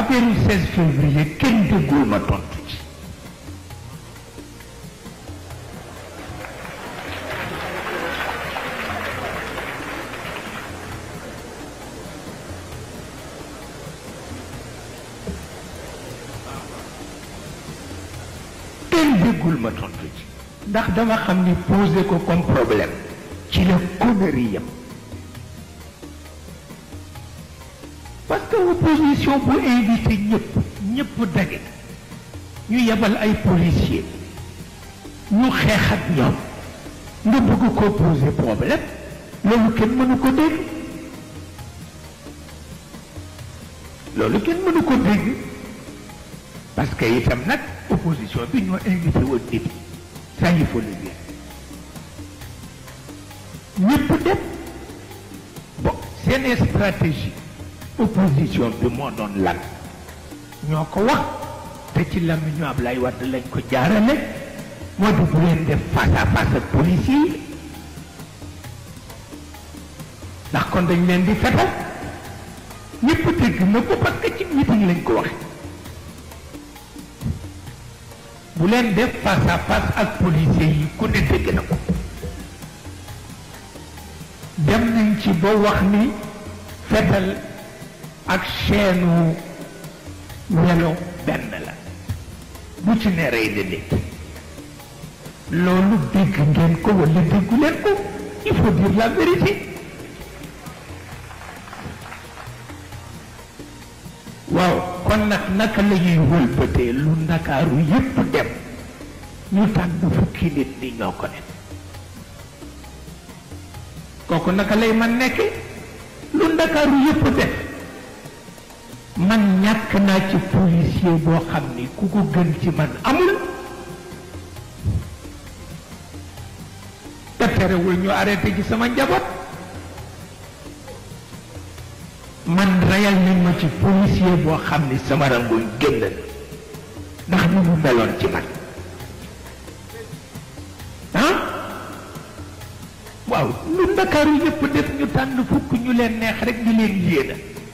affaire u 16 février kenn déggoo ma tontu ci ma ndax dama xam ni posé ko comme problème ci la connerie parce que l'opposition peut inviter n'importe qui Nous, Il y a pas les policiers. Nous cherchons nous beaucoup poser problème. Le week nous côté. Le week nous côté. Parce qu'il y a une l'opposition, qui nous inviter au début. Ça, il faut le dire. N'importe peut-être, bon, c'est une stratégie. opposition bi moo doon lan ñoo ko wax te ci làmmiñu Ablaye Wade lañ ko jaarale moo di bu leen def face à face ak kon dañ leen di fetal ñëpp dégg na ko parce que ci meeting lañ ko waxe bu leen def face à face ak policier yi ku ne dégg na ko dem nañ ci ba wax ni fetal ak seenu welo benn la bu ci ne rey de nit loolu dégg ngeen ko wala déggu ko il faut dire la vérité waaw kon nag naka la ñuy wëlbatee lu ndakaaru yépp dem ñu tànn fukki nit ni ñoo ko ne kooku naka lay man nekke lu ndakaaru yépp def man ñàkk naa ci policier boo xam ni ku ko gën ci man amul te ñu arrêté ji sama njaboot man reyal nañ ma ci policier boo xam ni sama rangoñ génn na ndax ñu mu meloon ci man ah waaw lu ndakaaru yëpp def ñu tànn fukk ñu leen neex rek ñu leen yéena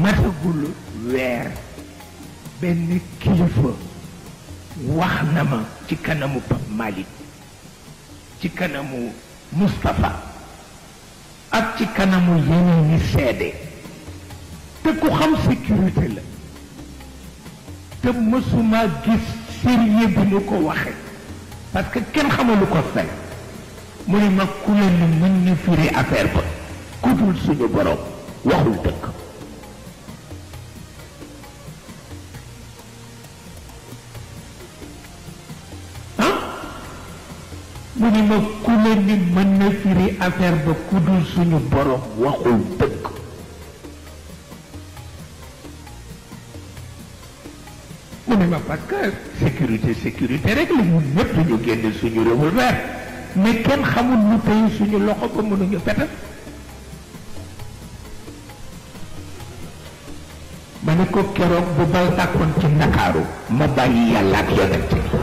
matagul weer benn kilifa wax na ma ci kanamu Pape Malick ci kanamu Moustapha ak ci kanamu yeneen ñi seede te ku xam sécurité la te mësuma gis sérieux bi ñu ko waxe parce que kenn xamalu ko fay mu ne ma ku leen mën ñu firi affaire ba ku dul suñu borom waxul dëkk mu ni ma ku la ni mën na firi affaire ba ku dul suñu borom waxul dëgg mu ni ma parce que sécurité sécurité rek la ñun ñëpp ñu génn suñu revolver loxo ba mënuñu fetal ma ni ko keroog bu bal tàkkoon ci Ndakaaru ma bàyyi yàlla ak yonent bi